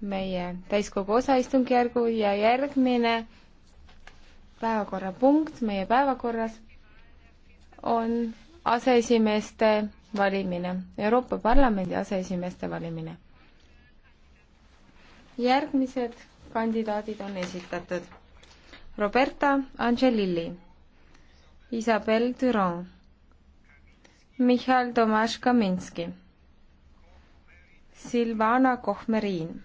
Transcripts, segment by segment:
meie täiskogu osaistungjärgu ja järgmine päevakorrapunkt meie päevakorras on aseesimeeste valimine, Euroopa Parlamendi aseesimeeste valimine. järgmised kandidaadid on esitatud. Roberta Angelilli, Isabel Düron, Michal Tomaš Kaminski, Silvana Kohmerin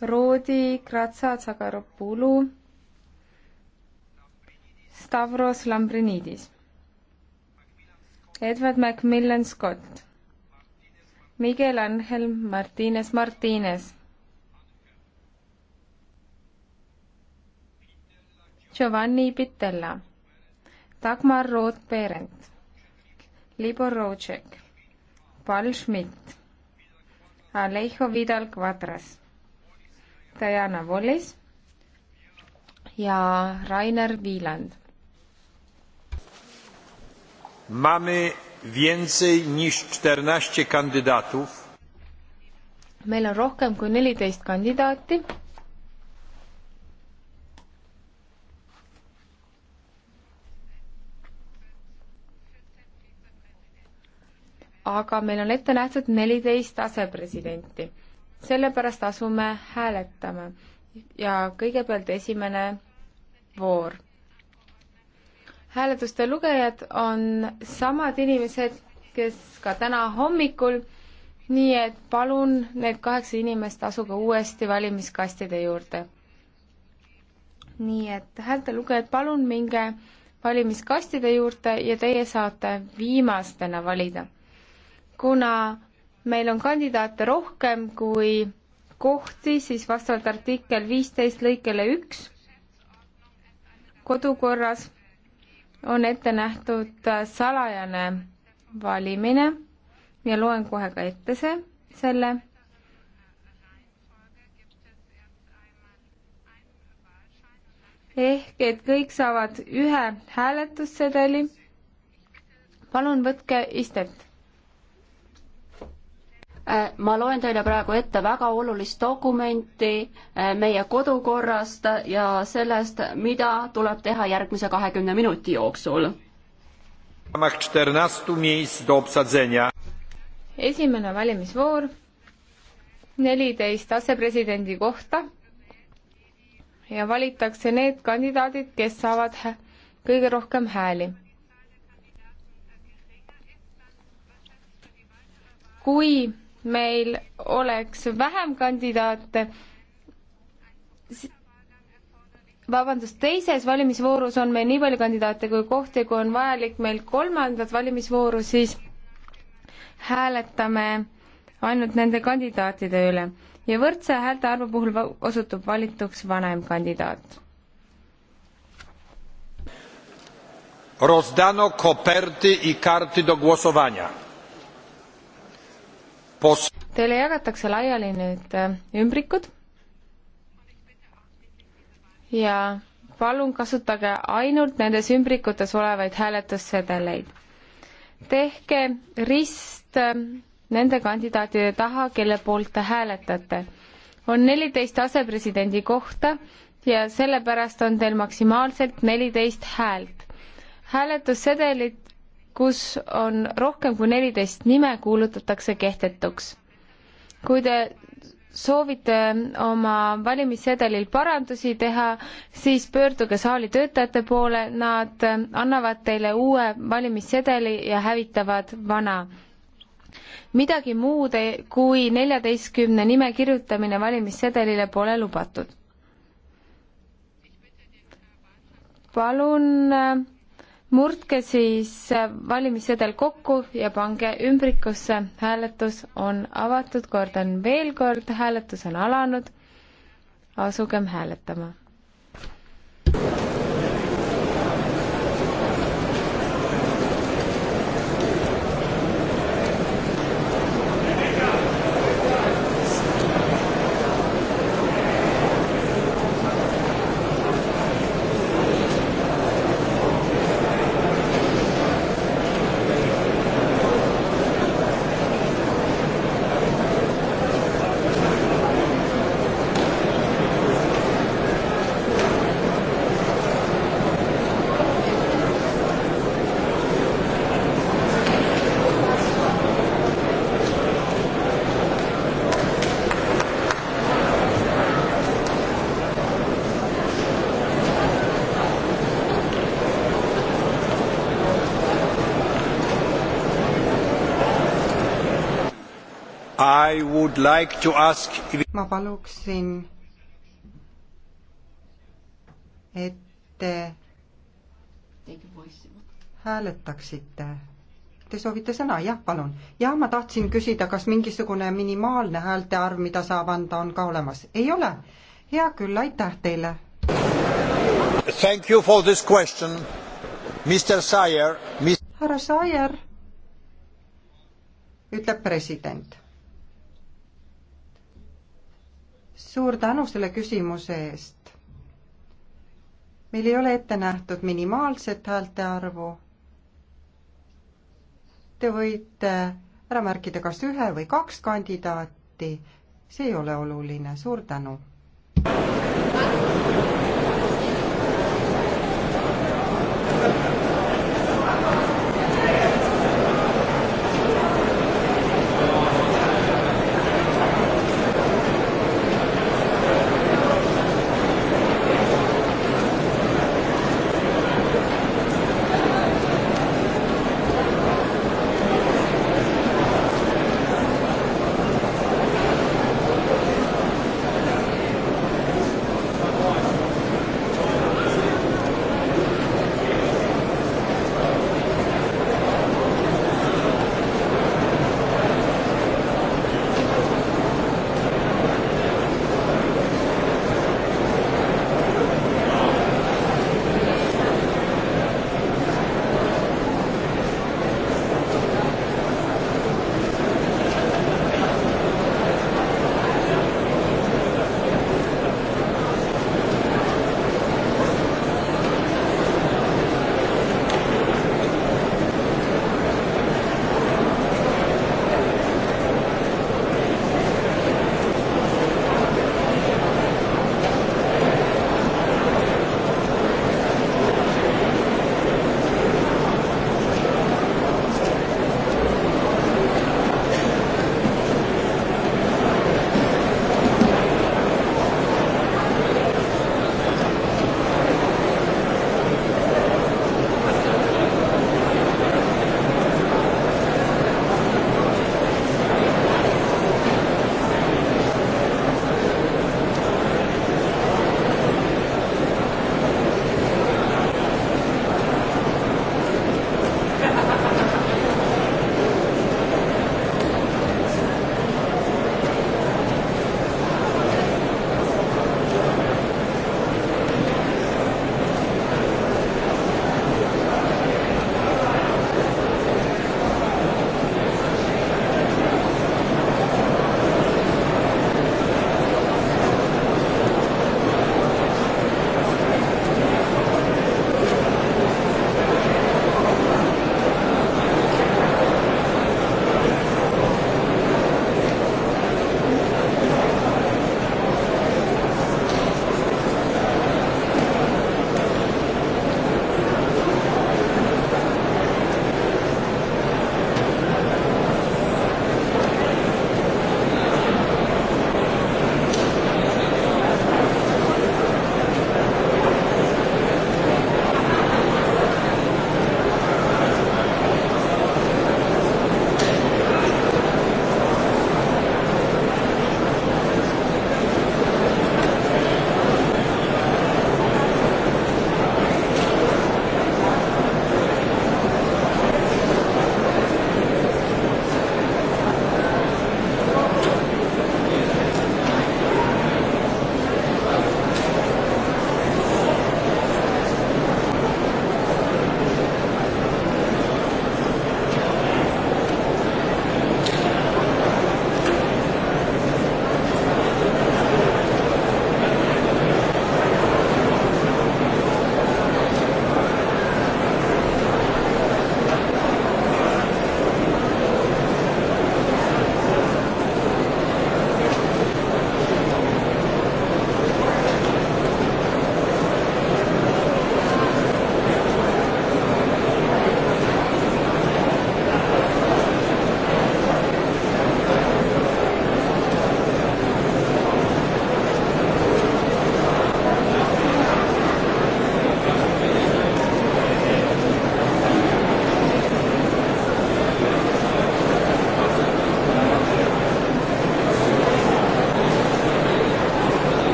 Roodi, Kratsa, Tsagaropulu, Stavros Lambrinidis, Edward Macmillan Scott, Miguel Angel Martinez Martinez, Giovanni Pitella, Dagmar Roth-Berend, Libor Rocek, Paul Schmidt, Alejo Vidal Quadras Diana Wallis ja Rainer Wieland. Mamy więcej niż 14 kandydatów. Meil on rohkem kui 14 kandidaati. Aga meil on ette nähtud 14 asepresidenti sellepärast asume hääletama ja kõigepealt esimene voor. hääletuste lugejad on samad inimesed, kes ka täna hommikul, nii et palun need kaheksa inimest asuge uuesti valimiskastide juurde. nii et häälte lugejad, palun minge valimiskastide juurde ja teie saate viimastena valida. kuna meil on kandidaate rohkem kui kohti, siis vastavalt artikkel viisteist lõikele üks kodukorras on ette nähtud salajane valimine ja loen kohe ka ette see, selle. ehk et kõik saavad ühe hääletussedeli. palun võtke istet Äh, ma loen teile praegu ette väga olulist dokumenti äh, meie kodukorrast ja sellest, mida tuleb teha järgmise kahekümne minuti jooksul. esimene valimisvoor, neliteist asepresidendi kohta ja valitakse need kandidaadid, kes saavad kõige rohkem hääli kui meil oleks vähem kandidaate, vabandust, teises valimisvoorus on meil nii palju kandidaate kui kohti, kui on vajalik meil kolmandat valimisvooru, siis hääletame ainult nende kandidaatide üle ja võrdse häältearvu puhul osutub valituks vanem kandidaat. Rozdano koperty i karty do głosowania pos-. Teile jagatakse laiali nüüd äh, ümbrikud ja palun kasutage ainult nendes ümbrikutes olevaid hääletussedeleid. tehke rist äh, nende kandidaatide taha, kelle poolt te hääletate. on neliteist asepresidendi kohta ja sellepärast on teil maksimaalselt neliteist häält. hääletussedelit kus on rohkem kui neliteist nime, kuulutatakse kehtetuks. kui te soovite oma valimissedelil parandusi teha, siis pöörduge saali töötajate poole, nad annavad teile uue valimissedeli ja hävitavad vana. midagi muud kui neljateistkümne nime kirjutamine valimissedelile pole lubatud. palun äh, murdke siis valimissedel kokku ja pange ümbrikusse. hääletus on avatud, kordan veel kord, hääletus on alanud. asugem hääletama Like ask... ma paluksin, et te hääletaksite. Te soovite sõna, jah, palun. ja ma tahtsin küsida, kas mingisugune minimaalne häälte arv, mida saab anda, on ka olemas. ei ole? hea küll, aitäh teile. Thank you for this question, Mr Sire mis.... härra Sire, ütleb president suur tänu selle küsimuse eest. meil ei ole ette nähtud minimaalset häälte arvu. Te võite ära märkida kas ühe või kaks kandidaati, see ei ole oluline, suur tänu.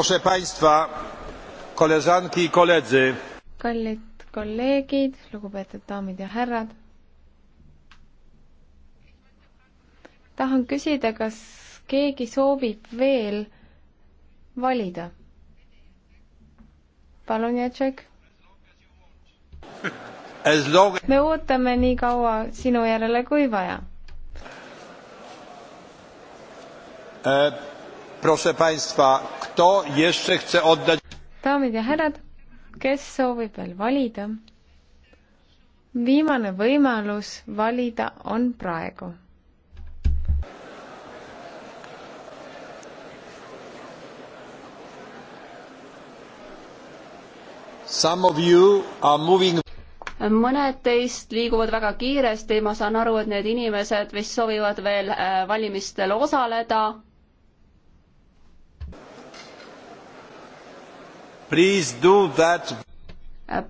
Proszę Państwa, koleżanki i koledzy. Kallid kolleegid, lugupeetud daamid ja härrad. Tahan küsida, kas keegi soovib veel valida? palun, Jacek. me ootame nii kaua sinu järele, kui vaja äh.. Proszę Państwa, kto jeszcze chce oddać... Daamid ja härrad, kes soovib veel valida? Viimane võimalus valida on praegu. Some of you are moving mõned teist liiguvad väga kiiresti, ma saan aru, et need inimesed vist soovivad veel äh, valimistel osaleda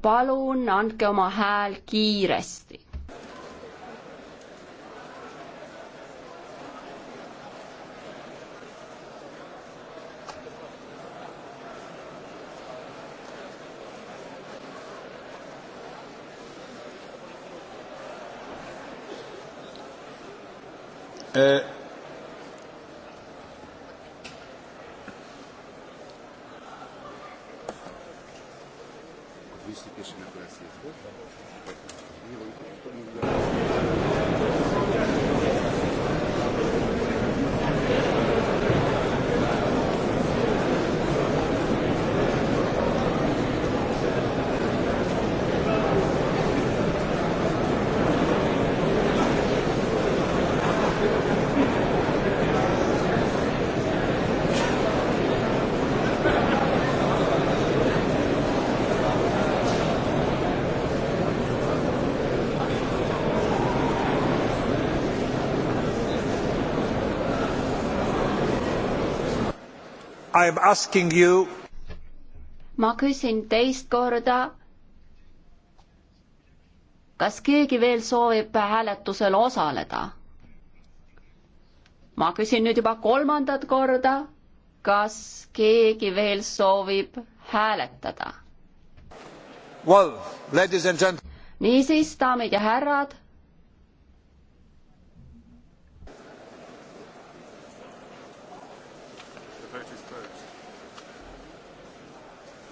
palun andke oma hääl kiiresti. Uh... I am asking you. ma küsin teist korda. kas keegi veel soovib hääletusel osaleda? ma küsin nüüd juba kolmandat korda. kas keegi veel soovib hääletada well,? niisiis, daamid ja härrad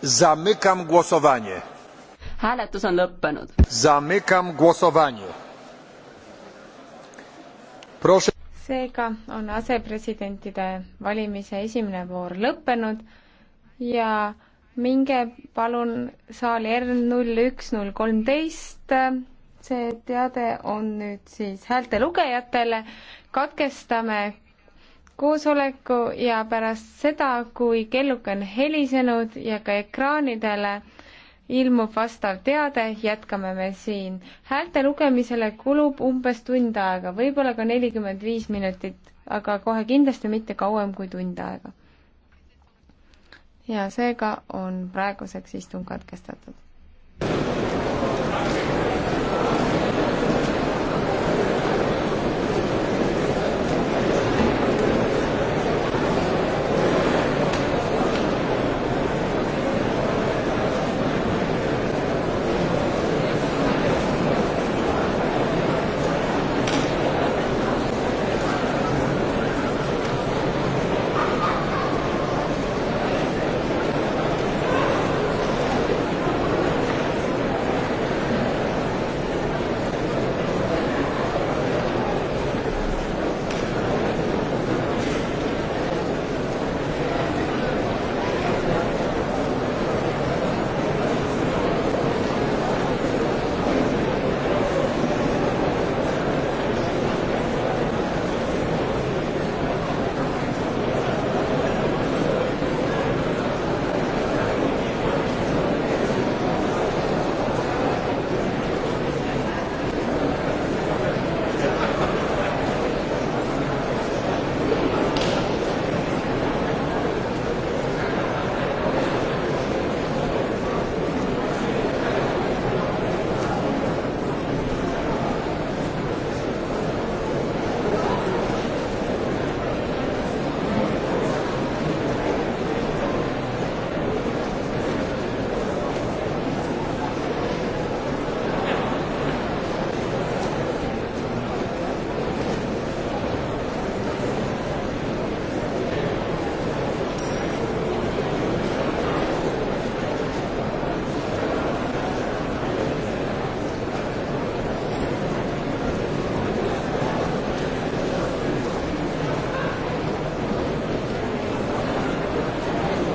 Zamykam głosowanie. Hääletus on lõppenud. Zamykam głosowanie. Proszę. seega on asepresidentide valimise esimene voor lõppenud ja minge palun saali R null üks null kolmteist. see teade on nüüd siis häältelugejatele. katkestame koosoleku ja pärast seda, kui kelluk on helisenud ja ka ekraanidele ilmub vastav teade, jätkame me siin. häälte lugemisele kulub umbes tund aega, võib-olla ka nelikümmend viis minutit, aga kohe kindlasti mitte kauem kui tund aega. ja seega on praeguseks istung katkestatud.